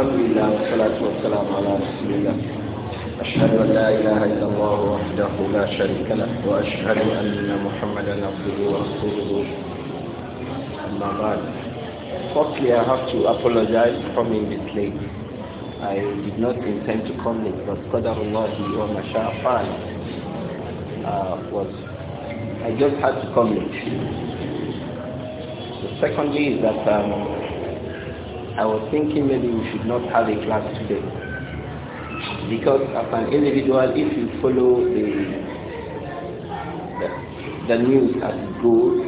الحمد لله والصلاة والسلام على رسول الله أشهد أن لا إله إلا الله وحده لا شريك له وأشهد أن محمدا عبده ورسوله أما بعد Firstly, I have to apologize for coming this late. I did not intend to come late, but Qadarullah wa Masha'afan uh, was, I just had to come late. The second is that um, I was thinking maybe we should not have a class today. Because as an individual, if you follow the, the, the news as it goes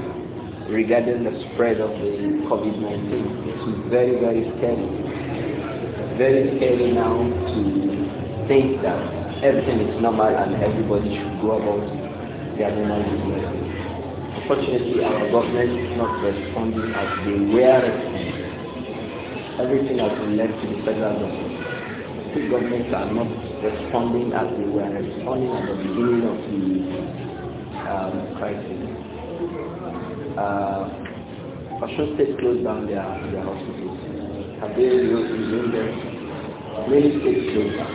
regarding the spread of the COVID-19, it's very, very scary. very scary now to think that everything is normal and everybody should go about their normal business. Unfortunately, our government is not responding as they were responding everything has been left to the federal government. State governments are not responding as they were responding at the beginning of the um, crisis. Uh, Osun State closed down their, their hospitals. Have they resumed them? Many states closed down.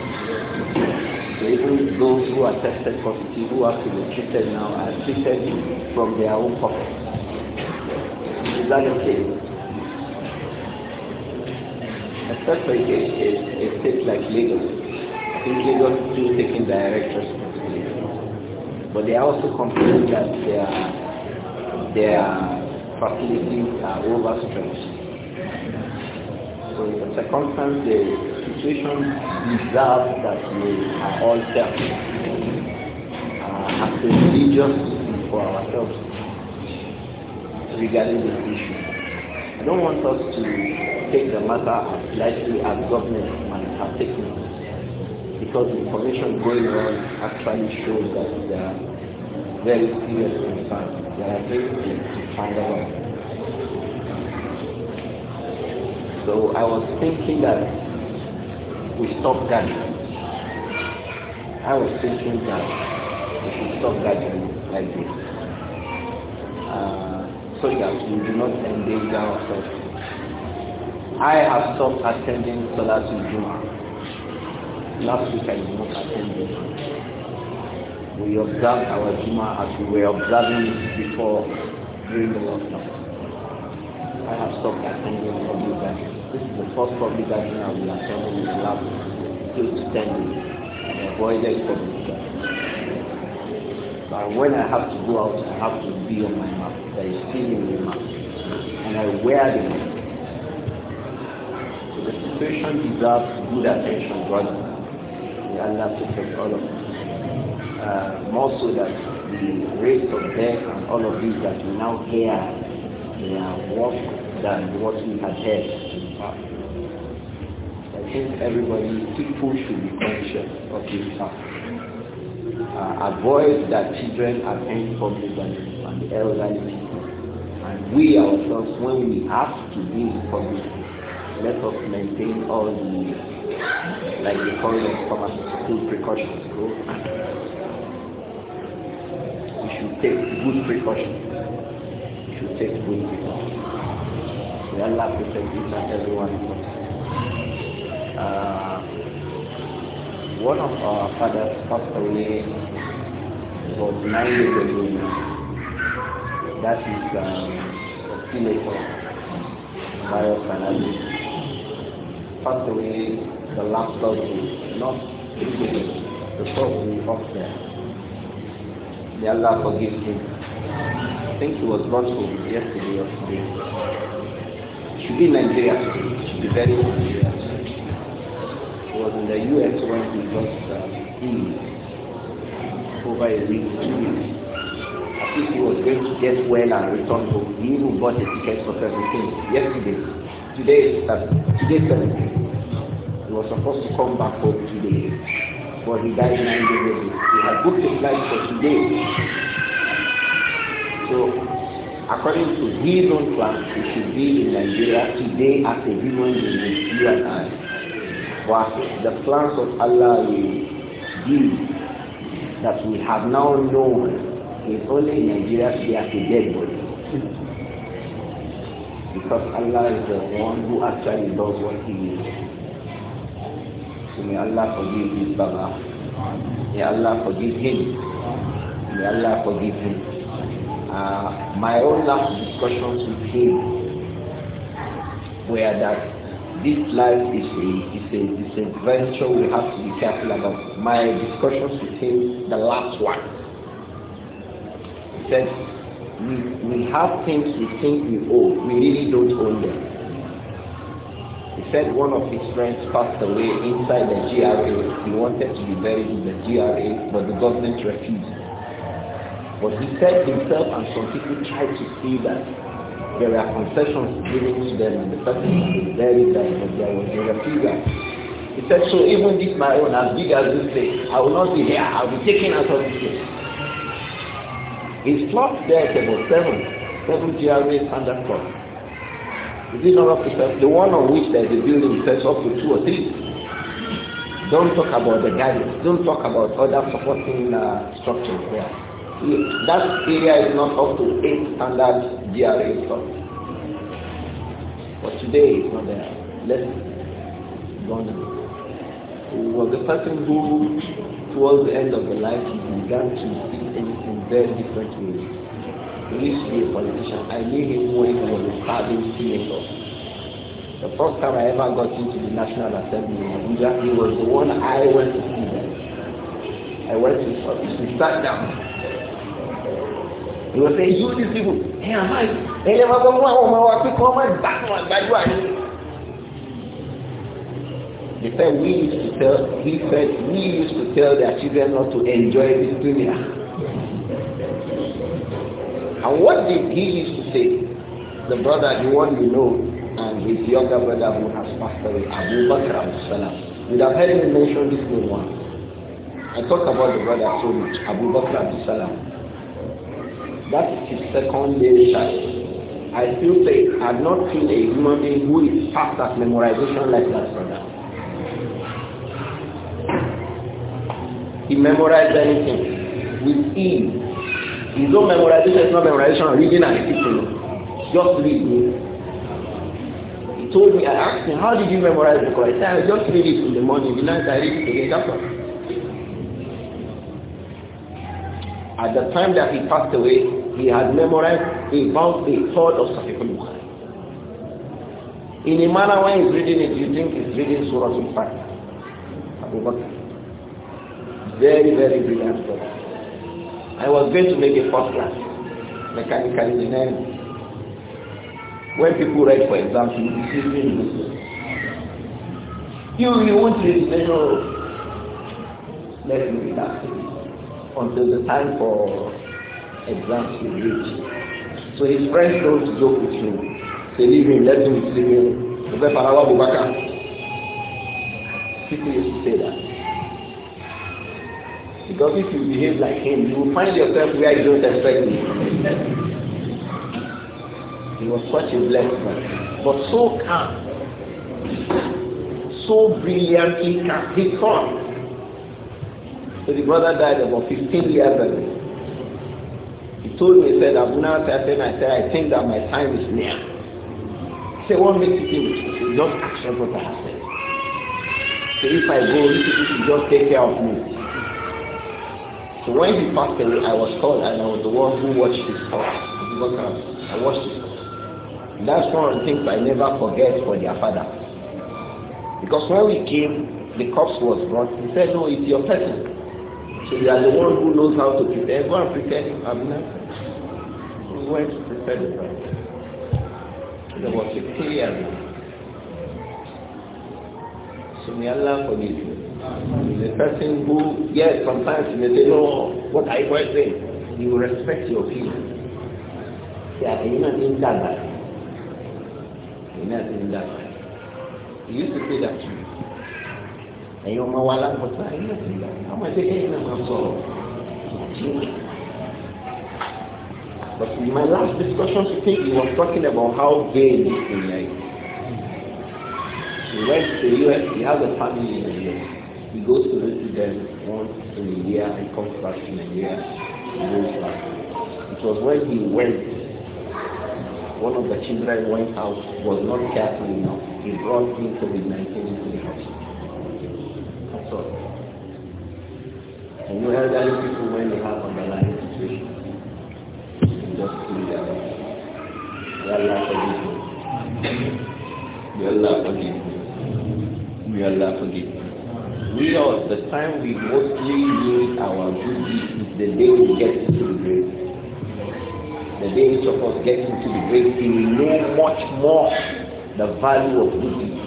So even those who are tested positive, who have to be treated now, are treated from their own pockets. Is that the case? especially a, a, a it's like legal. I think legal is still taking direct responsibility. But they also complain that their, their facilities are overstretched. So in the circumstance, the situation deserves that we are all self. Uh, as a religious for ourselves regarding this issue. I don't want us to take the matter as lightly as government might have taken it. Because the information going on actually shows that there are very serious concerns. There are very to find out. So I was thinking that we stop that. I was thinking that we should stop that like this. Uh, so that we do not endanger ourselves I have stopped attending Salatul Juma. Last week I did not attend it. We observed our Juma as we were observing it before during the lockdown. I have stopped attending public gatherings. This is the first public gathering I will attend in the last eight to ten days. I avoided public gatherings. But when I have to go out, I have to be on my map. There is still in the map. And I wear the mask. The situation deserves good attention, brother. May Allah protect all of us. Uh, more so that the rates of death and all of these that we now hear, they are worse than what we had heard in the past. I think everybody, people should be conscious of this fact. Uh, avoid that children attend public and the elderly people. And we ourselves, when we have to be in public, let us maintain all the, like the corridor pharmaceutical precautions go. We should take good precautions. We should take good precautions. May Allah protect each and every one of us. Uh, one of our fathers passed away about nine years ago. That is um, a senator, Mario Fernandez pass away the last Thursday, not today, the Thursday of there. May Allah forgive him. I think he was brought from yesterday or today. Should be in Nigeria today. Should be very Nigeria He was in the US when he got uh, over a week, two weeks. At least he was going to get well and return home. He even bought a ticket for everything yesterday. Today is uh, today 17 was supposed to come back home today, but he died nine days ago. He had booked the flight for today. So, according to his own plan, he should be in Nigeria today as a human being, you and I. But the plans of Allah will be that we have now known is only in Nigeria today as a dead body. because Allah is the one who actually does what he is may Allah forgive his Baba. May Allah forgive him. May Allah forgive him. Uh, my own last discussions with him were that this life is a, is a, is a venture we have to be careful about. My discussions with him, the last one, he said, we, we have things we think we owe, we really don't own them said one of his friends passed away inside the GRA. He wanted to be buried in the GRA, but the government refused. But he said himself and some people tried to see that there were concessions given to them and the person was buried there, but there was a refusal. He said, so even this my own, as big as this place, I will not be here. I will be taken out of this place. His plot there is about seven, seven GRAs under plots. Is it not up to The one on which there is a building says up to two or three. Don't talk about the guidance. Don't talk about other supporting uh, structures there. That area is not up to eight standard GRA But today it's not there. Let's go on. Well, was the person who, towards the end of the life, began to see things in very different ways. used to be a politician. I knew him when he was a serving senator. The first time I ever got into the National Assembly in Abuja, he was the one I went to see then. I went to his office. We sat down. He was saying, you these people, hey, am I? Hey, am I going to my work? Come on, back to my bad He said, we used to tell, he said, we used to tell their children not to enjoy this dunya. And what did he used to say? The brother, the one you know, and his younger brother who has passed away, Abu Bakr al-Salam. You have heard him mention this name once. I talked about the brother so much, Abu Bakr al-Salam. That's his second male child. I still say I've not seen a human being who is fast at memorization like that brother. He memorized anything with ease. His own memorization is not memorization, reading and teaching. Just read. He told me, I asked him, how did you memorize the Quran? He said, I just read it in the morning, the night I read it again, that's all. At the time that he passed away, he had memorized about a third of Sahih al-Bukhari. In a manner when he's reading it, you think he's reading Surah Al-Fatiha. Very, very brilliant person. I was going to make a first class mechanical engineering. When people write for exams, you will see this You you won't read the Let me relax until the time for exams will reach. So his friends don't joke with him. They leave him, let him sleep. in. People used to say that. Because if you behave like him, you will find yourself where you don't expect him. He was such a blessed man, but so calm, so brilliant he can, He thought. So the brother died about fifteen years ago. He told me, he said, Abuna, I I said, I think that my time is near. He said, what makes you think? He said, just action what I said. So if I go, you people should just take care of me. So when he passed away, I was called and I was the one who watched his thoughts. I watched his thoughts. That's one of the things I never forget for their father. Because when we came, the corpse was brought. He said, no, it's your person. So you are the one who knows how to prepare. Go and prepare I'm not. We went to prepare the bride. There was a prayer. So may Allah forgive you. The person who, yes, sometimes you may say, no, what I was saying, you respect your feelings. Yeah, you're not in that bad. You're not in that bad. You used to say that to me. And you're my wallet, but I'm not in that I'm going to say, hey, I'm sorry. But in my last discussion with you he was talking about how gay this thing is. He went to the US, you has a family in the US. He goes to visit them once in a year and comes back in a year. He goes back. It was when he went, one of the children went out, was not careful enough. He brought him COVID-19 into the hospital. That's all. And you other people, when they have underlying situation, you just kill their life. May Allah forgive you. May Allah forgive you. are Allah forgive you. You know, the time we mostly use our good deeds is the day we get into the grave. The day each of us gets into the grave, we will know much more the value of good deeds.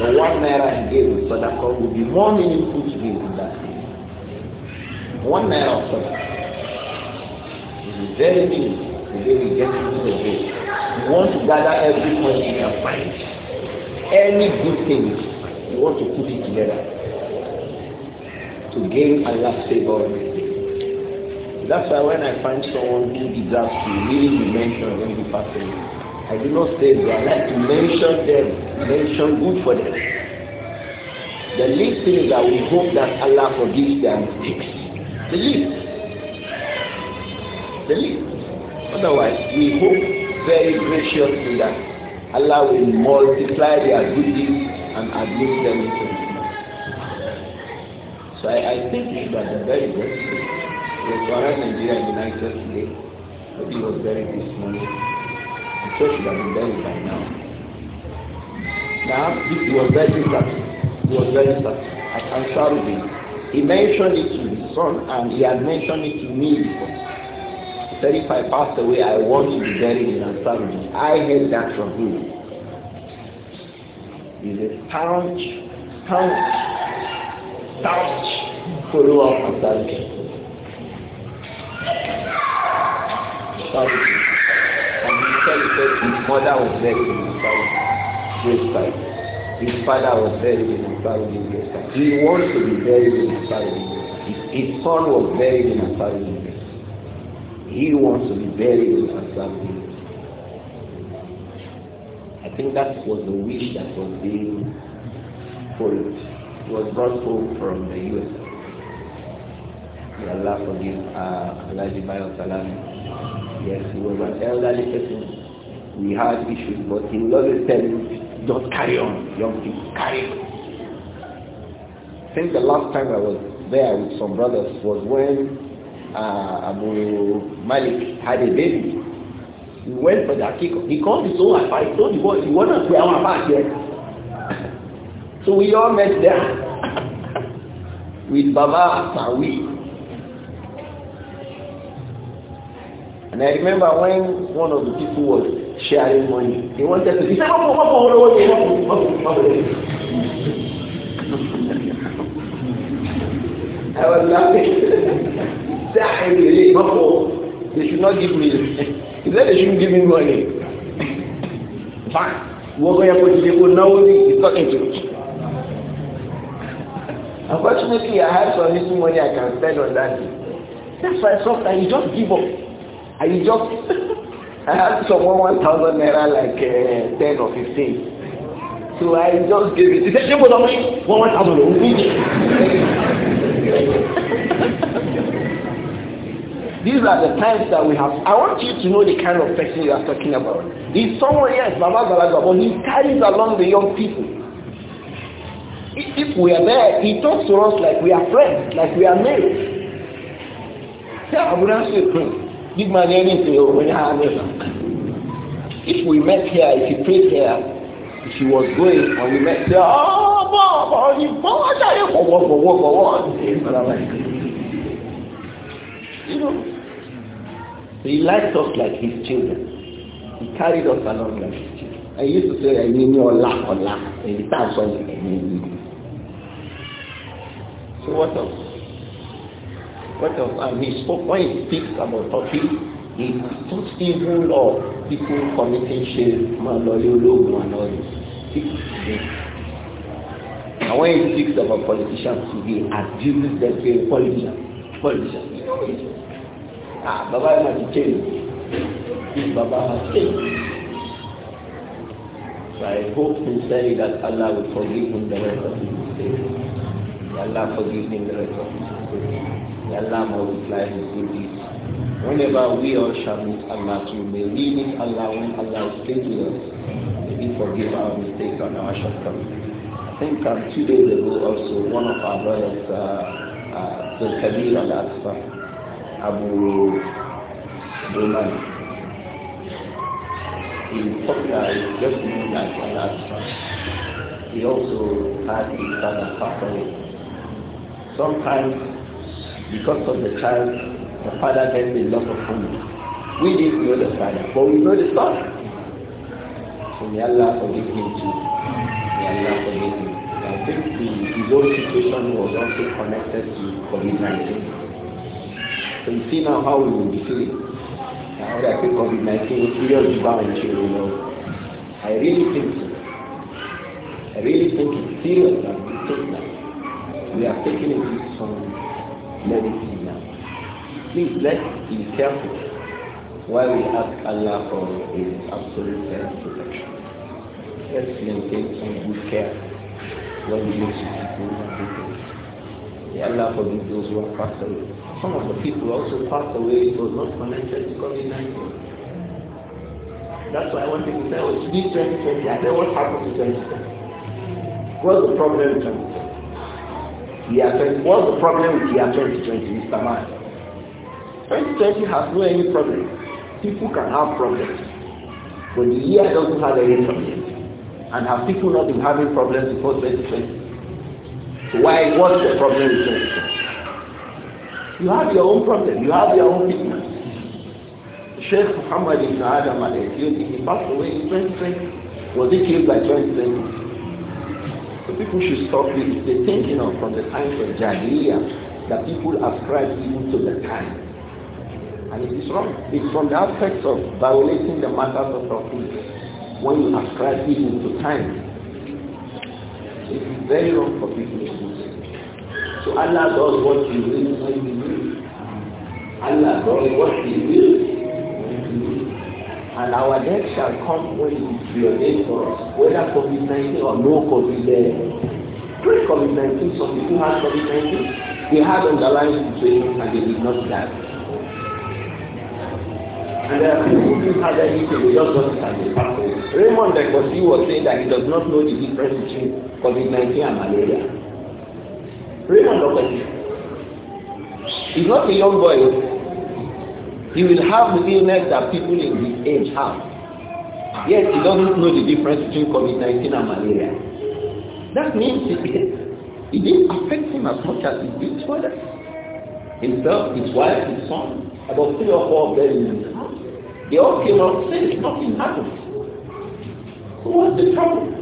The one naira he gave in Sadaqah will be more meaningful to him in that day. One naira of Sadaqah is very meaningful the day we get into the grave. We want to gather every point we can find. Any good thing, we want to put it together to gain Allah's favor. That's why when I find someone who deserves to really be mentioned in the person, I do not say that I like to mention them, mention good for them. The least thing that we hope that Allah forgives their mistakes. The least. The least. Otherwise, we hope very graciously that Allah will multiply their good deeds and admit them into so I, I think he was the very best. He was around Nigeria in the night today, but he was buried this morning. The church should have been buried by now. Now, he was very sad. He was very sad. I can sorry him. He mentioned it to his son, and he had mentioned it to me before. He said, if I pass away, I want to be buried in Ansarudi. I heard that from him. He's a staunch, staunch doubt olúwa kò dájú. Sábìtì àmì sẹ́lifẹ̀ his mother was very democratic great fight his father was very democratic great fight he wants to be very democratic his, his son was very democratic he wants to be very democratic. I think that was the wish that was being fulfilled was brought home from the U.S. May Allah forgive uh, Alaji Bayo Salami. Yes, he was an elderly person. We had issues, but he would always tell you, "Just carry on, young people, carry on. Since the last time I was there with some brothers was when uh, Abu Malik had a baby. He went for the Akiko. He called his own advice, told the boy, you want to wear our back here? So we all met there with Baba Mawi. And I remember when one of the people was sharing money, he wanted to he said, oh, oh, I was laughing. That is really awful. They should not give me. He said they shouldn't give me money. Fine. Wọ́n are yẹ kó ti dé kó talking to ìtọ́kẹ̀jọ́. Unfortunately, I had some little money I can spend on that day. That's why sometimes you just give up. And you just, I had someone thousand naira like uh, or fifteen, So I just gave it. He said, Jimbo, don't wait. One one thousand, don't wait. These are the times that we have. I want you to know the kind of person you are talking about. He's someone, yes, Baba Balagwa, but he carries along the young people. If we are there, he talks to us like we are friends, like we are married. Yeah, I wouldn't say, hmm, big man, anything, oh, yeah, If we met here, if he prayed here, if he was going and we met here, oh, Bob, oh, you, Bob, what, tell you, for what, for what, for what? You know, he liked us like his children. He carried us along like his children. I used to say, I mean, your lack or lack. In the time, so I mean, So what else? What else? And he spoke when he speaks about Turkey, he talks evil of people committing shirk, maloyologu and And when he speaks about politicians, he abuses them saying politicians, politicians. Ah, Baba must change. This Baba has changed. So I hope sincerely that Allah will forgive him the rest of his mistakes. Allah forgive him the rest of his sins. Allah multiply his good deeds. Whenever we all shall meet Allah, we may we meet Allah when Allah is with us. May He forgive our mistakes and our shortcomings. I think um, two days ago also, one of our brothers, the uh, uh, Abdul Kabir al Abu Duman, he popular, just known as al Asfa. He also had his father pass away. Sometimes, because of the child, the father gets a lot of money. We didn't know the father, but we know the son. So may Allah forgive him too. May Allah forgive him. I think the, his own situation was also connected to COVID-19. So you see now how we will be feeling. Now that I think COVID-19 will really bound children, you know. I really think so. I really think it's serious that. We are taking it from some medicine now. Please let's be careful while we ask Allah for His absolute protection. Let's maintain some good care when we use people and people. May Allah forgive those who have passed away. Some of the people also passed away, it not connected to COVID-19. That's why I want people to say, oh, it's 2020. I know what happened to 2020? What's the problem with 2020? year 20, what's the problem with year 2020, Mr. Man? 2020 has no any problem. People can have problems. But the year doesn't have any problem. And have people not been having problems before 2020? So why, what's the problem with 2020? You have your own problem. You have your own business. Sheikh Muhammad ibn Adam al-Ethiopi, he passed away in 2020. Was he killed by 2020? So people should stop this. They think, you know, from the times of Jahiliyyah that people ascribe even to the time. And it is wrong. It's from the aspects of violating the matters of Tawheed when you ascribe even to time. It is very wrong for people to do so. So Allah does what he will when he will. Allah does what he will and our death shall come when it is ordained for us, whether COVID-19 or no COVID there. Pre-COVID-19, some people had COVID-19, they had underlying situations and they did not die. And there are people who had anything, they just got it and they passed Raymond Dekosi was saying that he does not know the difference between COVID-19 and malaria. Raymond Dekosi, he's not a young boy, he will have the illness that people in his age have. Yet he doesn't know the difference between COVID-19 and malaria. That means it, it didn't affect him as much as it did to others. Himself, his wife, his son, about three or four of them in house. They all came out saying nothing happened. what's the problem?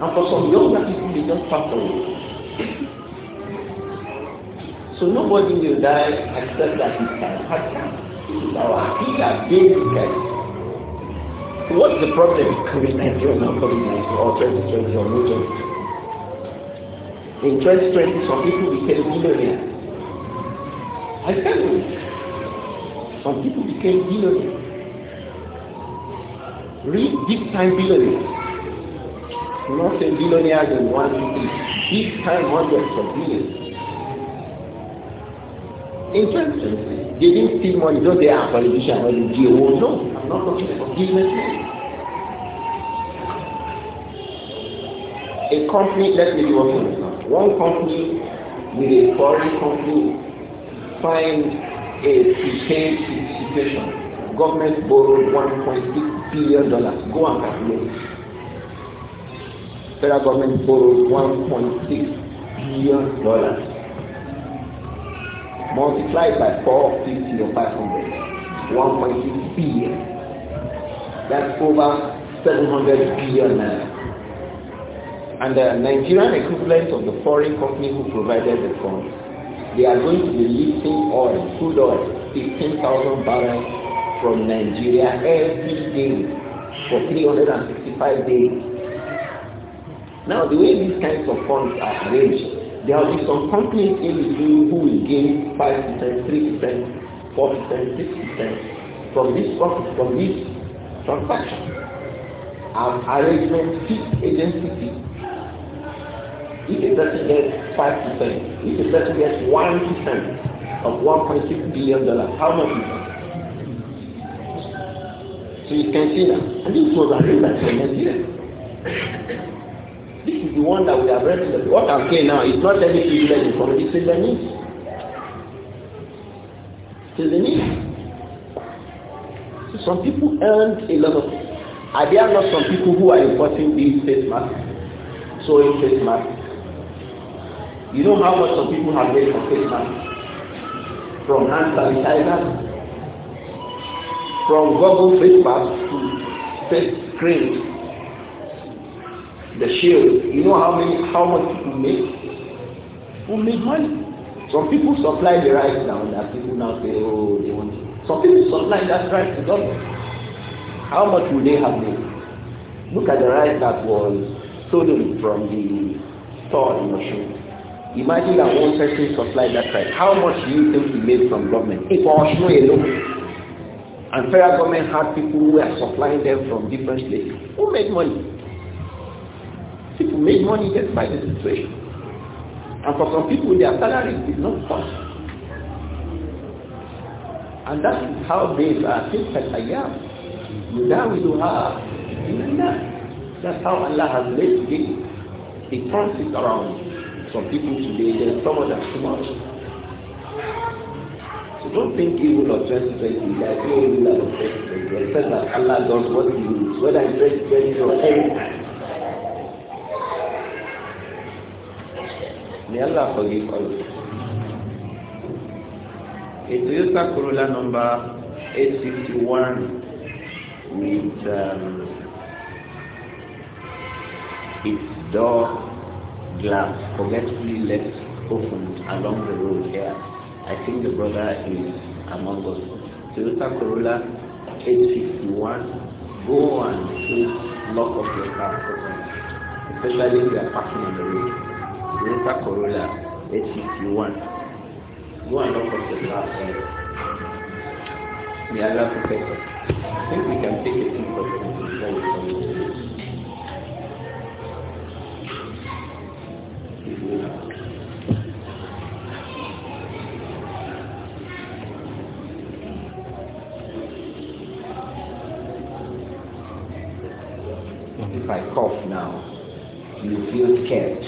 And for some younger people, they just passed away. So nobody will die except that he can has come. This is our aqidah, basic aqidah. So what's the problem COVID-19 or COVID-19 or 2020 or no In 2020, some people became millionaires. I tell you, some people became millionaires. Read big time billionaires. not saying billionaires in one big time hundreds of billions. In 2020, they didn't steal money, though they are politicians, or they do. No, I'm not talking about a company, let me be open now. One company with a foreign company find a prepaid situation. Government borrowed 1.6 billion dollars. Go and calculate. Federal government borrowed 1.6 billion dollars multiplied by 450 or 500, 1.6 billion. That's over 700 billion And the Nigerian equivalent of the foreign company who provided the funds, they are going to be lifting oil, crude oil, 15,000 barrels from Nigeria every day for 365 days. Now, the way these kinds of funds are arranged, there will be some companies in between who will gain 5%, 3%, 4%, 6% from this profit, from this transaction. And arrangement fee, agency fee. If a person gets 5%, if a person gets 1% of $1.6 billion, how much is that? So you can see that. And this was arranged by here. This is the one that we have read. What I'm saying now is not any privilege from it, it's a need. It's a need. So some people earn a lot of Are there not some people who are importing these face masks? So in face masks. You know how much some people have made from face masks? From hand sanitizers, from Google face masks to face creams the shield. You know how many how much people make? People make money. Some people supply the rice now that people now say, oh, they want it. Some people supply that rice to government. How much will they have made? Look at the rice that was stolen from the store in Oshun. Imagine that one person supplied that rice. How much do you think he made from government? If Oshun alone. And federal government had people who were supplying them from different places. Who made money? People make money just by the situation. And for some people, their salary is not possible. And that is how they are fixed at Ayyam. يداولها من الناس. That's how Allah has made it. He turns it around. Some people today, they suffer that too much. So don't think evil of 2020 like, oh, evil of 2020. Except that Allah does what he wills, whether it's 2020 or anything. May Allah forgive all of us. A Toyota Corolla number 851 with um, its door glass forgetfully left open along the road here. I think the brother is among us. Toyota Corolla 851, go and please lock up your car, especially if you are parking on the road. Toyota Corolla 851. Go and look for the last one. May Allah protect us. I think we can take a few questions before we come to If If I cough now, you feel scared.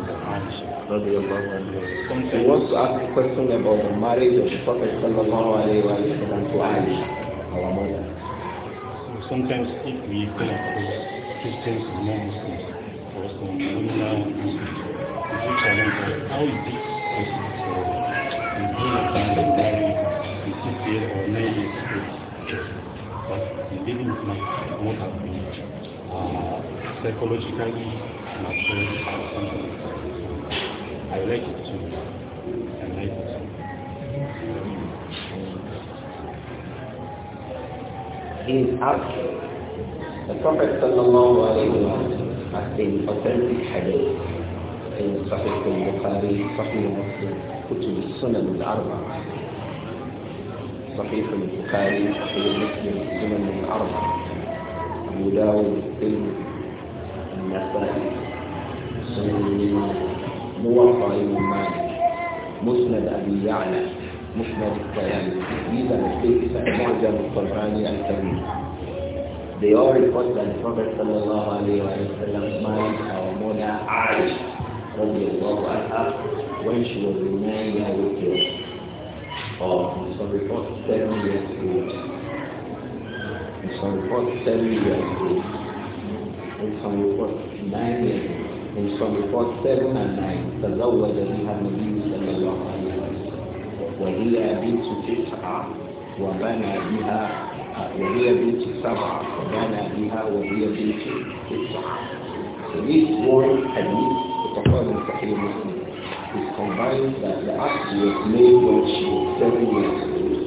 He wants to ask a question about the marriage of the Prophet sallallahu alayhi wa sallam to our mother. sometimes if we feel like Christians and non-Muslims, or some non we do challenge how is this possible for the human family married in six years or But living with my what has been uh, psychologically matured or something I like it too. I like it He is asking, the Prophet sallallahu alayhi wa has been authentic hadith in Sahih al-Bukhari, Sahih al-Muslim, Kutub al-Sunan al-Arba. صحيح البخاري صحيح مسلم سنن الأربعة أبو داود الترمذي النسائي سنن الإمام موطأ إمام مالك مسند أبي يعلى مسند الطيالسي بئس معجم الطبراني الكبير They all report that the Prophet sallallahu alayhi wa sallam married our mother Aisha radiallahu anha when she was a nine-year-old girl or in some reports seven years old. In some reports seven years old. In some reports nine years old. in some reports 7 and 9 تزوج بها النبي صلى الله عليه وهي بنت تسعة وبنى بها وهي بنت سبعة وبنى بها وهي بنت تسعة So this one hadith, the Prophet of Sahih Muslim, is combined that the act was made when she was seven years old,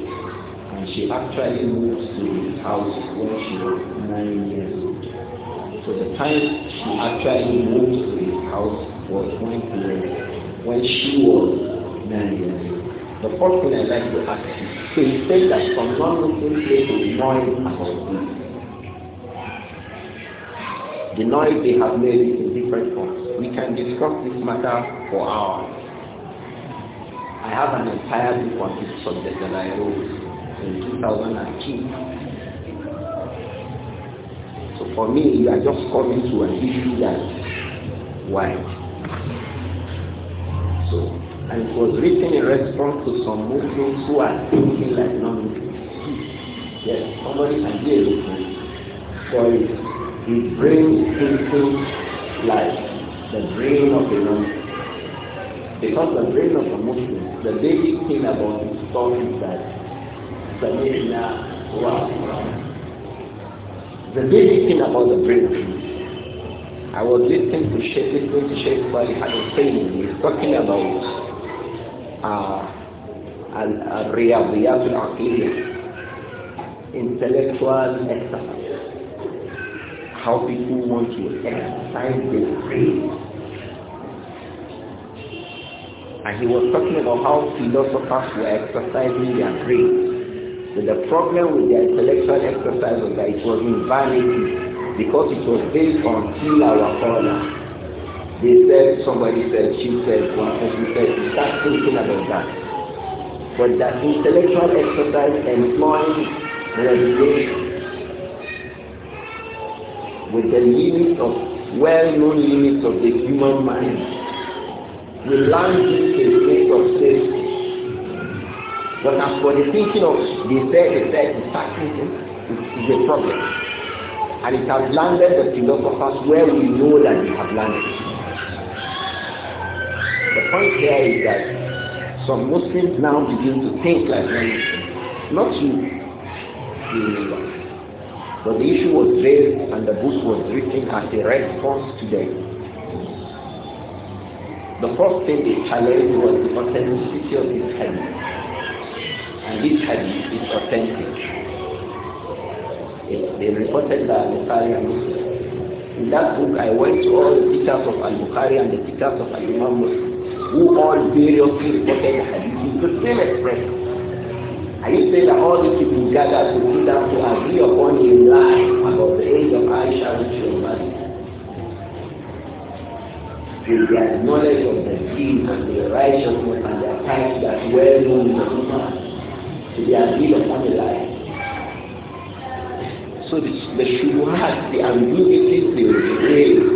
and she actually moved to his house when she was nine years old. So the time she actually moved to his house was when he was, when she was nine years old. The first thing i like to ask you, so you said that from non-Muslim say the noise about this. The noise they have made is in different forms. We can discuss this matter for hours. I have an entire book on this subject that I wrote in 2002 for me, you are just coming to an issue that why. So, and it was written in response to some Muslims who are thinking like non-Muslims. Yes, somebody can hear it. For it, it brings is thinking like the brain of a non-Muslim. Because the brain of a Muslim, the basic thing about his thought is that Samir wa the basic thing about the brain I was listening to Sheikh listening to Sheikh Bali Hussein. talking about uh, al uh, riyadiyat intellectual exercise. How people want to exercise their brain. And he was talking about how philosophers were exercising their brain. So the problem with the intellectual exercise was that it was in vanity because it was based on Tilawa Qala. They said, somebody said, she said, one person said, you start thinking about that. But that intellectual exercise employing revelation with the limits of well-known limits of the human mind. We land this in state of safety but as for the thinking of the said, the said, the sacrifice, is a problem. And it has landed the philosophers where we know that it has landed. The point here is that some Muslims now begin to think like men, Not you, but the issue was raised and the book was written as a response to them. The first thing they challenged was the authenticity of this hadith. And this hadith is authentic. It, they reported that Bukhari and Muslim. In that book, I went to all the teachers of Al-Bukhari and the teachers of Al-Imam Muslim, who all variously reported the hadith in the same expression. And you say that all these people gathered to sit down to agree upon a lie about the age of Aisha, and was With their knowledge of the deen and the righteousness and their piety that well known in the to their real family life. So the, the shubuhat, the ambiguity they raised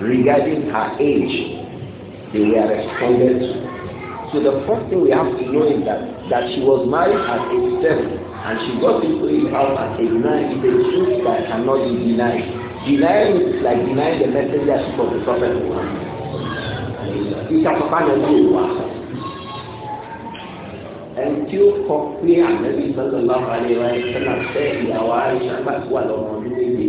regarding her age, they were responded to. So the first thing we have to know is that, that she was married at age 7 and she got into his house at age 9 is a truth that cannot be denied. Denying is like denying the messenger of the Prophet Muhammad. It's a ẹni tí ó kọ pé ànábì sọ́dọ̀ láwọn àríwá ìṣẹ́nà fẹ́ ìyàwó àìṣà láti wà lọ́mọ ọdún méje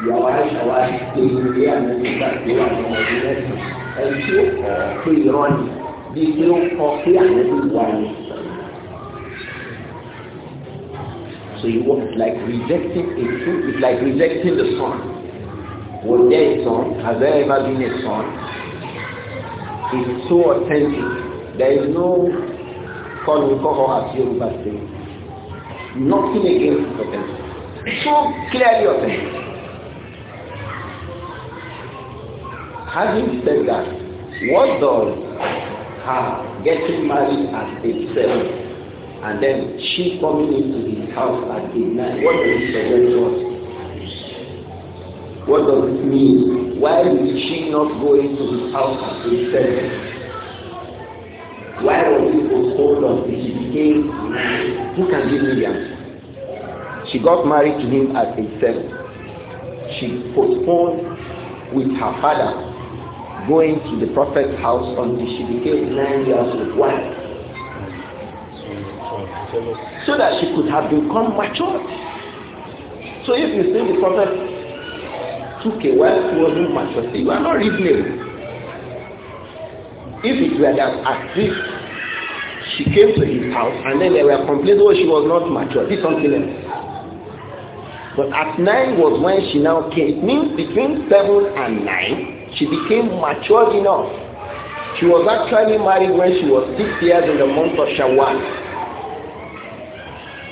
ìyàwó àìṣà wà tó ilé ànábì láti wà lọ́mọ ọdún mẹ́sàn ẹni tí ó kọ So you want like rejecting a truth It's like rejecting the sun. Was there a sun? Has there ever been a sun? It's so authentic there is no calling Koho as Yoruba state. Nothing against the authentic. So clearly authentic. Having said that, what does her getting married at age seven and then she coming into his house at age nine, what does it suggest to us? What does it mean? Why is she not go into his house at age seven? Why was he postponed until she became nine? Who can give me the answer? She got married to him at age seven. She postponed with her father going to the prophet's house until she became nine years old. Why? So that she could have become mature. So if you say the prophet took a wife who wasn't mature, you are not reasonable. If it were that at if she came to his house and then there were complaints, well oh, she was not mature, this something else. But at nine was when she now came. It means between seven and nine, she became mature enough. She was actually married when she was six years in the month of Shawwal.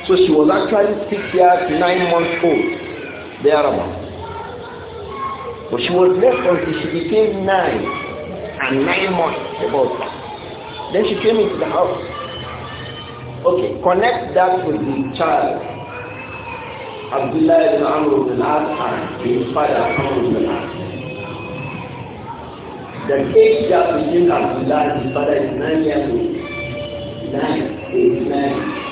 So she was actually six years, nine months old, thereabouts. But she was left until she became nine and nine months about it. Then she came into the house. Okay, connect that with the child. Abdullah ibn Amr ibn al and his father Amr ibn al The age gap between Abdullah and his father is nine years old. Nine, eight, nine.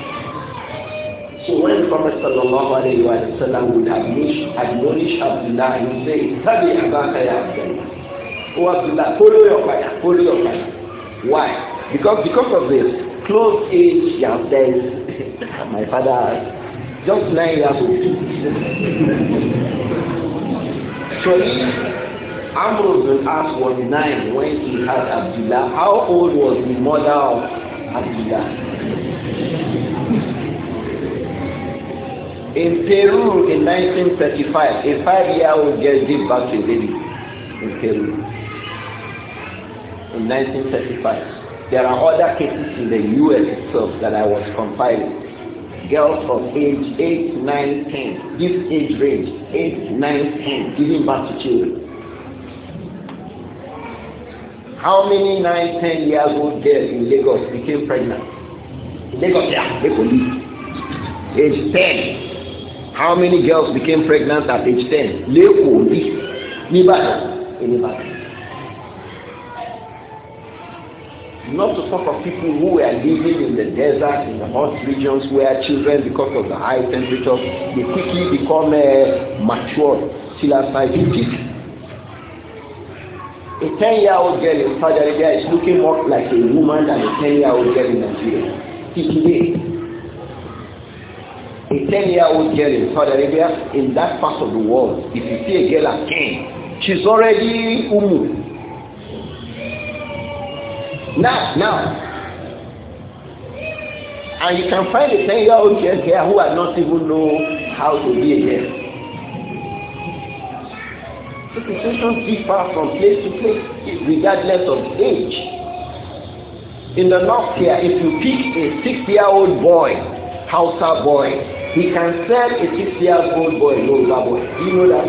So when the Prophet sallallahu alayhi wa sallam would admonish, admonish Abdullah, he would say, Tabi abaka ya Abdullah. was that follow your father, follow your father. Why? Because because of this close age you have my father just nine years old. so Ambrose bin As was nine when he had Abdullah. How old was the mother of Abdullah? in Peru in 1935, a five-year-old girl gave birth to a baby in Peru. in 1935. There are other cases in the U.S. itself that I was compiling. Girls of age 8, 9, 10, this age range, 8, 9, 10, giving birth to children. How many 9, 10 years old girls in Lagos became pregnant? Lagos, yeah, Lagos. Age 10. How many girls became pregnant at age 10? Lagos, Nibada, in Nibada. not to talk of people who were living in the desert, in the hot regions where children, because of the high temperatures, they quickly become uh, mature, psilocybitic. A ten year old girl in Saudi Arabia is looking more like a woman than a ten year old girl in Nigeria. Today, a ten year old girl in Saudi Arabia, in that part of the world, if you see a girl as king, she's already umu, Now, now. And you can find a 10 year old girl here who are not even know how to be a girl. The situations differ from place to place regardless of age. In the north here, if you pick a six year old boy, Hausa boy, he can sell a six year old boy, no boy. Do you know that?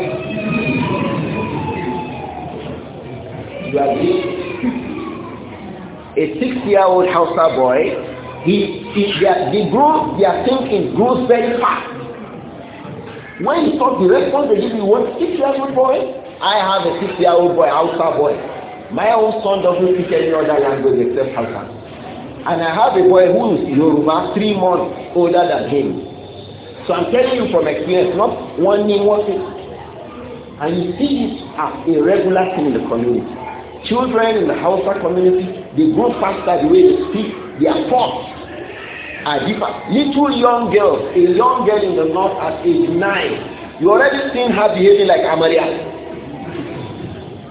You agree? a six-year-old Hausa boy, he, he their, the growth, their thinking grows very fast. When he talk the response they give you, what six-year-old boy? I have a six-year-old boy, Hausa boy. My own son doesn't speak any other language except Hausa. And I have a boy who is Yoruba, three months older than him. So I'm telling you from experience, not one name, one thing. And you see this as a regular thing in the community. Children in the Hausa community they grow faster the way they speak. Their thoughts are different. Little young girls, a young girl in the north at age nine, you already seen her behaving like Amaria.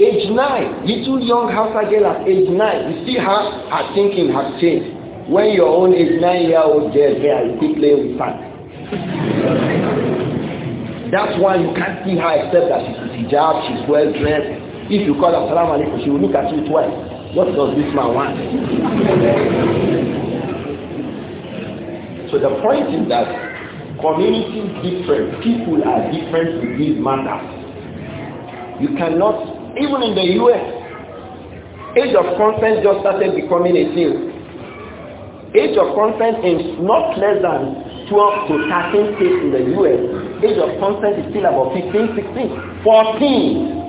Age nine, little young Hausa girl at age nine, you see her, her thinking has changed. When your own age nine year old girl here, you keep playing with her. That's why you can't see her except that she's hijab, she's well dressed. If you call her salam alaikum, she will look at you twice. What does this man want? so the point is that communities different, people are different in these matters. You cannot, even in the US, age of consent just started becoming a thing. Age of consent is not less than 12 to 13 states in the US. Age of consent is still about 15, 16, 14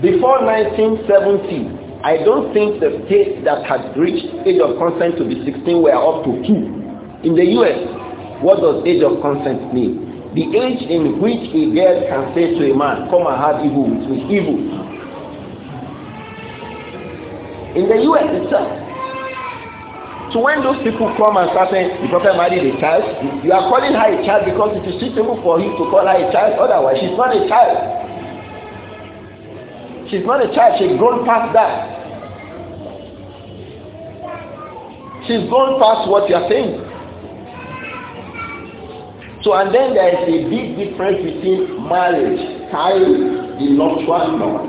before 1970, I don't think the states that had reached age of consent to be 16 were up to two. In the US, what does age of consent mean? The age in which a girl can say to a man, come and have evil with me, evil. In the US itself. So when those people come and start saying, the prophet married a child, you are calling her a child because it is suitable for him to call her a child, otherwise she's not a child. She's not a child, she's grown past that. She's gone past what you are saying. So and then there is a big difference between marriage, tying the nuptial knot,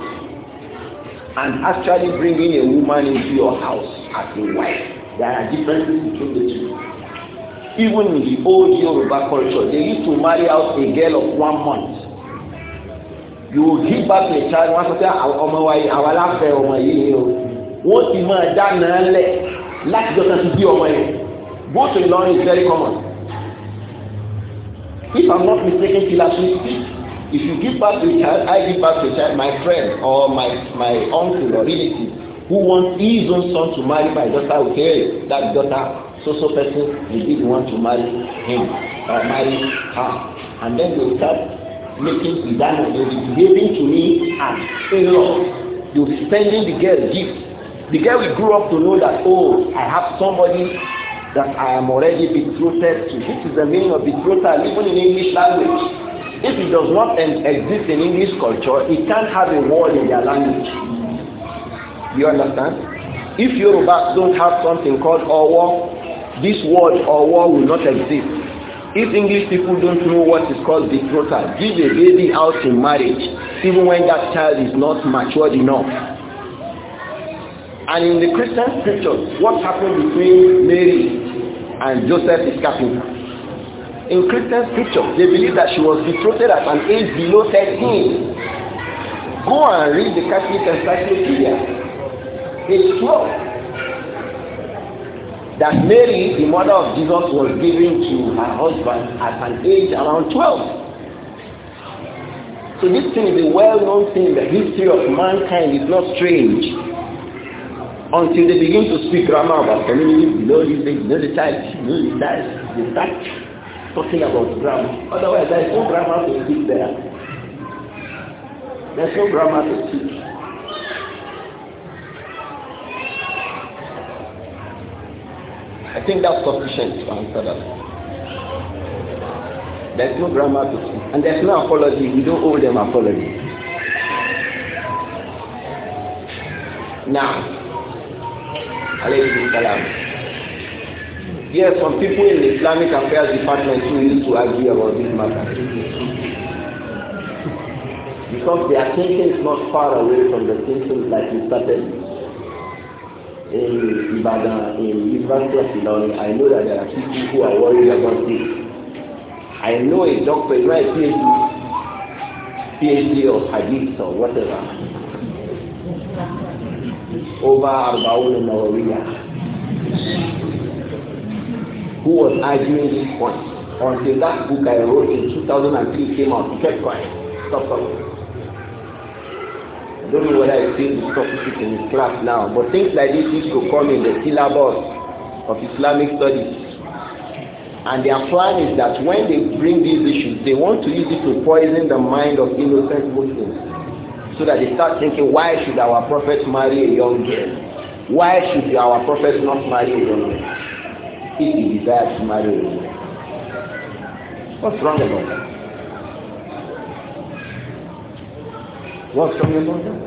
and actually bringing a woman into your house as a wife. There are differences between the two. Even in the old Yoruba culture, they used to marry out a girl of one month. you will give back your child wọ́n sọ pé ọmọ wa yìí àwa láfẹ́ ọmọ yìí o wọ́n ti máa dáná lẹ̀ láti jọ́ta ti bí ọmọ yìí both in law is very common if i'm not mistaken philosophy if you give back to a child i give back to a child my friend or my my uncle or relative who wants his own son to marry my daughter will tell you that daughter so so person he did want to marry him or marry her and then they will start making designer you'll be behaving to me as in-law you'll be spending the girl gift the girl will grow up to know that oh I have somebody that I am already betrothed to this is the meaning of betrothal even in English language if it does not exist in English culture it can't have a word in their language you understand if Yorubas don't have something called owo this word owo will not exist If English people don't know what is called betrothal, give a baby out in marriage, even when that child is not matured enough. And in the Christian scriptures, what happened between Mary and Joseph is captain. In Christian scripture, they believe that she was betrothed at an age below 13. Go and read the Catholic Encyclopedia. It's 12 that Mary, the mother of Jesus, was given to her husband at an age around 12. So this thing is a well-known thing. The history of mankind is not strange. Until they begin to speak grammar about feminism, you know this thing, you know the child, you know this, that, they start talking about grammar. Otherwise, there is no grammar to speak there. There is no grammar to speak. I think that's sufficient to answer that. There's no grammar to it. And there's no apology. We don't owe them apology. Now, alayhi salam. Yes, some people in the Islamic Affairs Department who used to argue about this matter. Because their thinking is not far away from the thinking that we started in Ibadan, in Ibadan, Ilorin, I know that there are people who are worried about this. I know a doctor, you know a PhD, PhD of Hadith or whatever, over in Nawawiya, who was arguing this point until that book I wrote in 2003 came out. Kept quiet. Stop, stop. Don't know whether you feel this topic in his class now, but things like this used to come in the syllabus of Islamic studies. And their plan is that when they bring these issues, they want to use it to poison the mind of innocent Muslims. So that they start thinking, why should our prophet marry a young girl? Why should our prophet not marry a young girl? If he desires to marry a What's wrong about that? What's wrong about that?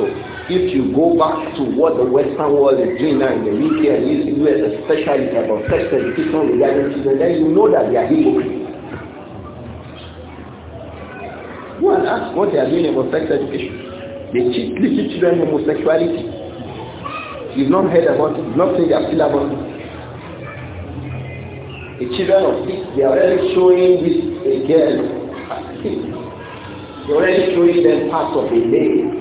So if you go back to what the Western world is doing now in the media, and the US especially about sex education regarding children, then you know that they are hypocrites. Go and ask what they are doing about sex education. They teach little children homosexuality. You've not heard about it, you've not seen their syllabus. The children of this, they are already showing this again. They are already showing them part of the lady.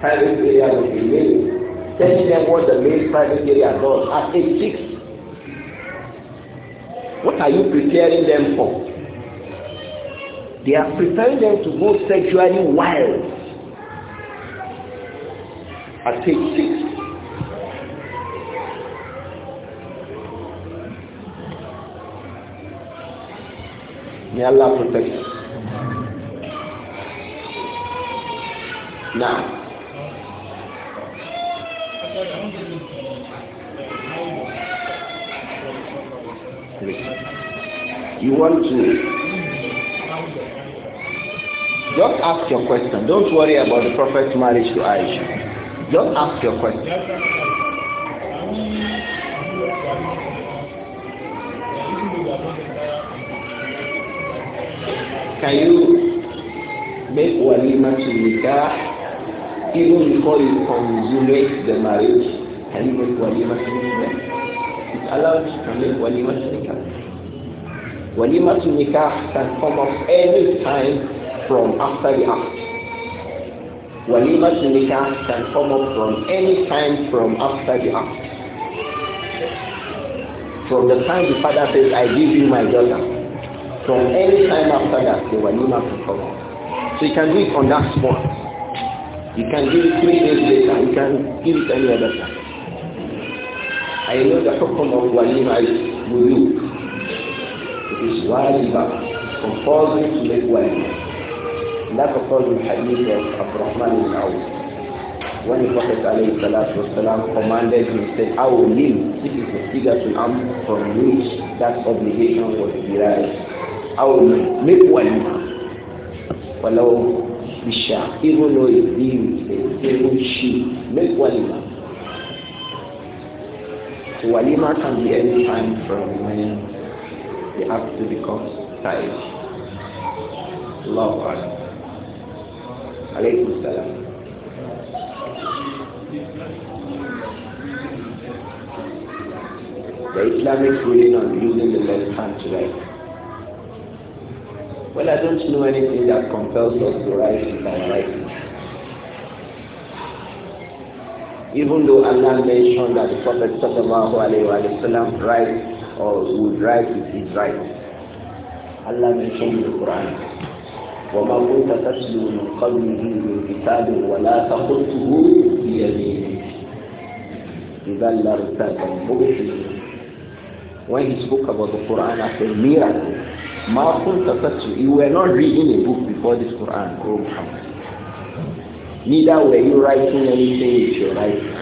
private area will be made. telling them what the main private area does at age six. What are you preparing them for? They are preparing them to go sexually wild at age six. May Allah protect you. Now, you want to just ask your question don't worry about the prophet's marriage to aisha just ask your question can you make walima to nikah even before you consummate the marriage can you make walima to nikah it's allowed to make walima to nikah Walima to nikah can come up any time from after the act. Walima to nikah can come up from any time from after the act. From the time the father says, I give you my daughter. From any time after that, the walima can come up. So you can do it on that spot. You can do it three days later. You can give it any other time. I know the problem of walima is you is واجبة compulsory to make wajib. And that occurs in hadith of Abdurrahman ibn Awf. When the Prophet والسلام, commanded him, said, I will live. This is the figure to am from which that obligation was derived. I will make wajib. ولو بالشعب even though it being a single sheep make walima so walima can be any time from when the to become tired, love us, Alaykum salam. The Islamic ruling on using the left hand to write. Well, I don't know anything that compels us to write with our right hand even though Allah mentioned that the Prophet sallallahu alaihi wasallam writes or would right with his right. Allah mentioned the Quran. وما كنت تتلو من قبله من كتاب ولا تخطه بيمينك إذا لارتاب المبطلون when he spoke about the Quran as a miracle ما كنت تتلو you were not reading a book before this Quran O Muhammad neither were you writing anything with your right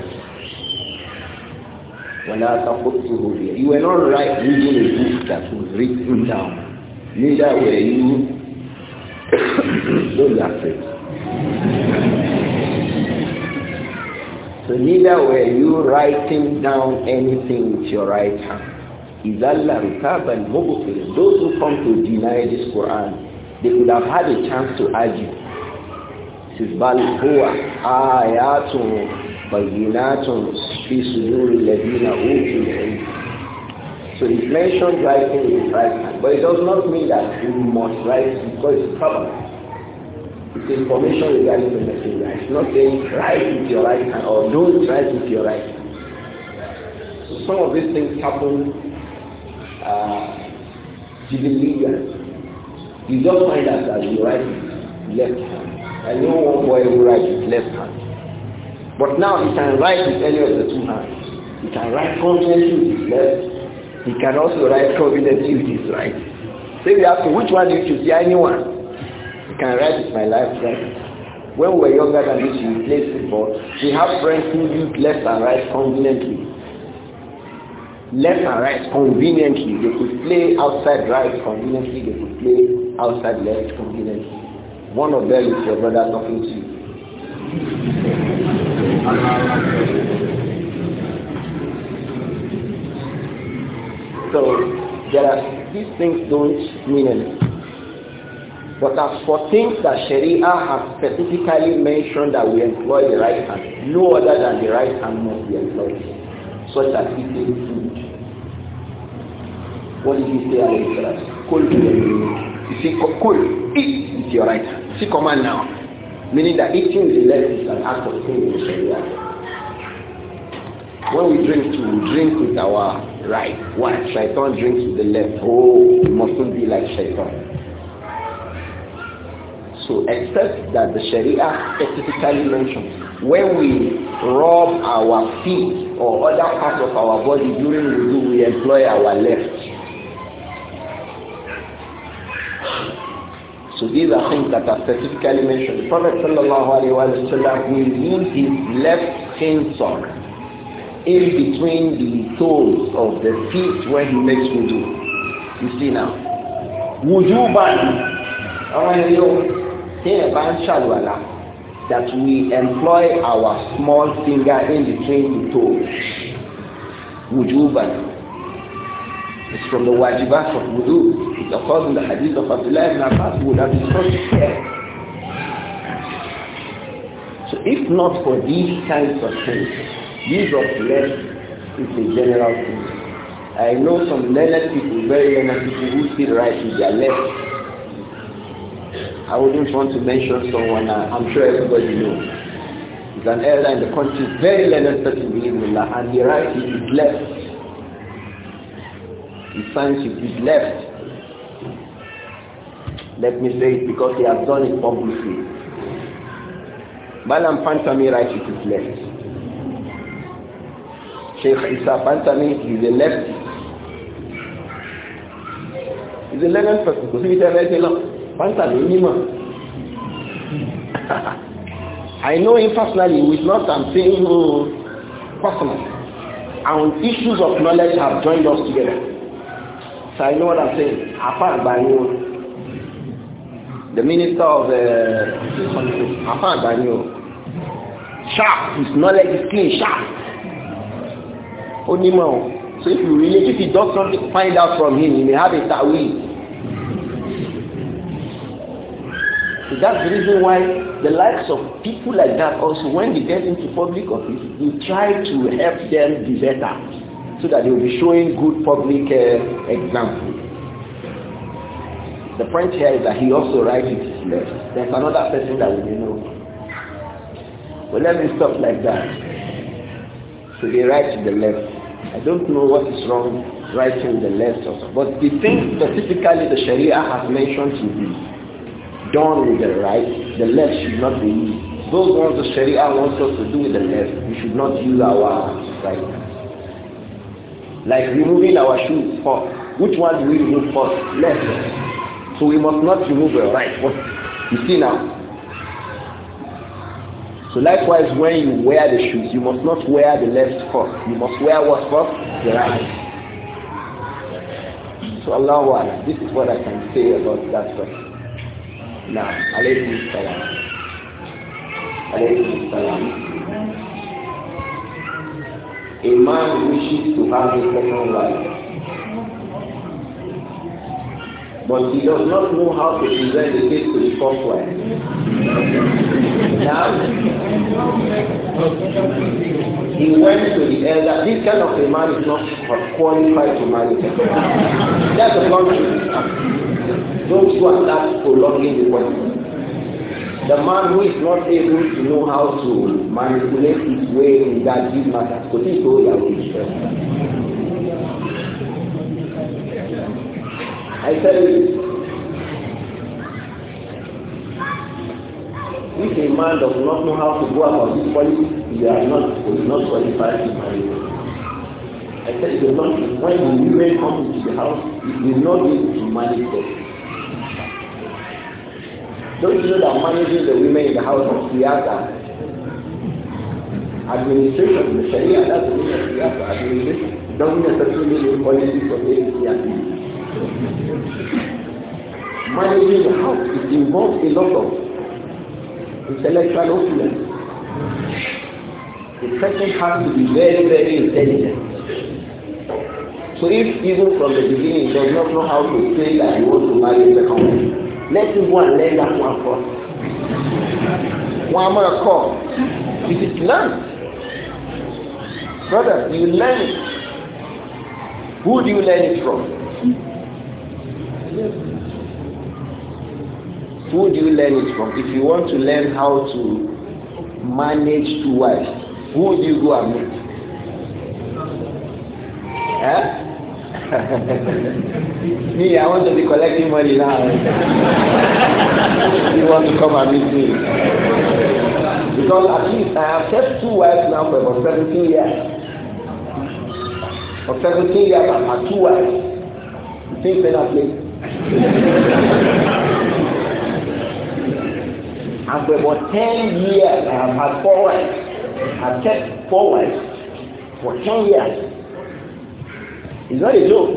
When I supposed to hold it, you were not right reading a book that was written down. Neither were you. Don't be afraid. so neither were you writing down anything with your right hand. Izalla Rukab and Mubukir, those who come to deny this Quran, they could have had a chance to argue. This is Bal Ayatun Bayinatun في صدور الذين أوتوا العلم So he mentioned writing with right hand, but it does not mean that you must write because it's problem. It's information regarding the messenger. It's not saying write with your right hand or don't write with your right hand. So some of these things happen uh, You just find out that you write with left hand. I know one boy who writes with left hand. But now he can write with any of the two hands. He can write confidently with his left. He can also write confidently with his right. So you ask me, which one do you choose? Yeah, anyone. You can write with my left, right. When we were younger than this, we played football. We have friends who use left and right conveniently. Left and right conveniently. They could play outside right conveniently. They could play outside left conveniently. One of them is your brother talking to you. So there are these things don't mean anything. But as for things that Sharia has specifically mentioned that we employ the right hand, no other than the right hand must be employed, such as eating food. What did he say, Alayhi Salaam? Kul, you see, kul, eat with your right hand. See command now. meaning that eating with the left is an act of sin in Sharia. When we drink too, we drink with our right. Why? Shaitan drinks with the left. Oh, we mustn't be like Shaitan. So except that the Sharia specifically mentions when we rub our feet or other parts of our body during the wudu, we employ our left. So these are things that are specifically mentioned. The Prophet sallallahu will use his left chainsaw in between the toes of the feet when he makes wudu. You see now. Wudu ban. That we employ our small finger in between the toes. Wujuban. It's from the wajibah of wudu hadith that was in the hadith of Abdullah ibn Abbas would have been such So if not for these kinds of things, use of less is a general thing. I know some learned people, very learned people who still write with their left. I wouldn't want to mention someone, uh, I'm sure everybody knows. He's an elder in the country, very learned person, believe me, and he writes with his left. He signs with his left. Let me say it because he has done it publicly. Malam Pantami writes it his left. Sheikh Isa Pantami is a left. He's a learned person. Kò síbi a ṣe lọ. Pantami onímọ̀. I know him personally with not I'm saying um, personal. And issues of knowledge have joined us together. So I know what I'm saying. Apá by ni wọn the minister of uh, afa Daniel sharp his knowledge is clean sharp onímọ̀ o so if you really if you just want to find out from him you may have a tawi so that's the reason why the lives of people like that also when they get into public office we try to help them be better so that they will be showing good public uh, example. The point here is that he also writes with his left. There's another person that we know. But let me stop like that. So they write to the left. I don't know what is wrong writing the left also. But the thing specifically the Sharia has mentioned to be done with the right, the left should not be used. Those ones the Sharia wants us to do with the left, we should not use our right. Like removing our shoes first. Which one do we remove first? Left. So we must not remove your right. What you see now. So likewise, when you wear the shoes, you must not wear the left foot. You must wear what foot? The right. So Allah wa this is what I can say about that question. Now, alaykum salam. Alaykum salam. A man wishes to have a second life. but he does not know how to present the case to the court. wife. Now, he went to the elder. This kind of a man is not qualified to marry. That's the blunt Those who are that prolonging the wedding. The man who is not able to know how to manipulate his way in that these matters, kò tí ì tó I tell you, if a man does not know how to go about his policy, he are not he is not qualified to marry. I tell you, not, when the women come into the house, it will not be to manage them. Don't you know that managing the women in the house of Siyasa? Administration, the Sharia, that's the meaning of Siyasa, administration. Don't necessarily mean policy for the Siyasa. Managing the house it involves a lot of intellectual opulence. The person has to be very, very intelligent. So if even from the beginning does not know how to say that he wants to marry a second wife, let him go and learn that one first. One a máa kọ́ it is learned. Brother, you learn it. Who do you learn it from? Who do you learn it from? If you want to learn how to manage two wives, who do you go and meet? Huh? me, I want to be collecting money now. you want to come and meet me? Because at least I have kept two wives now for about seventeen years for seventeen years I have two wives you think say na play And for ten years I have had forward. I kept forward for ten years. It's not a joke.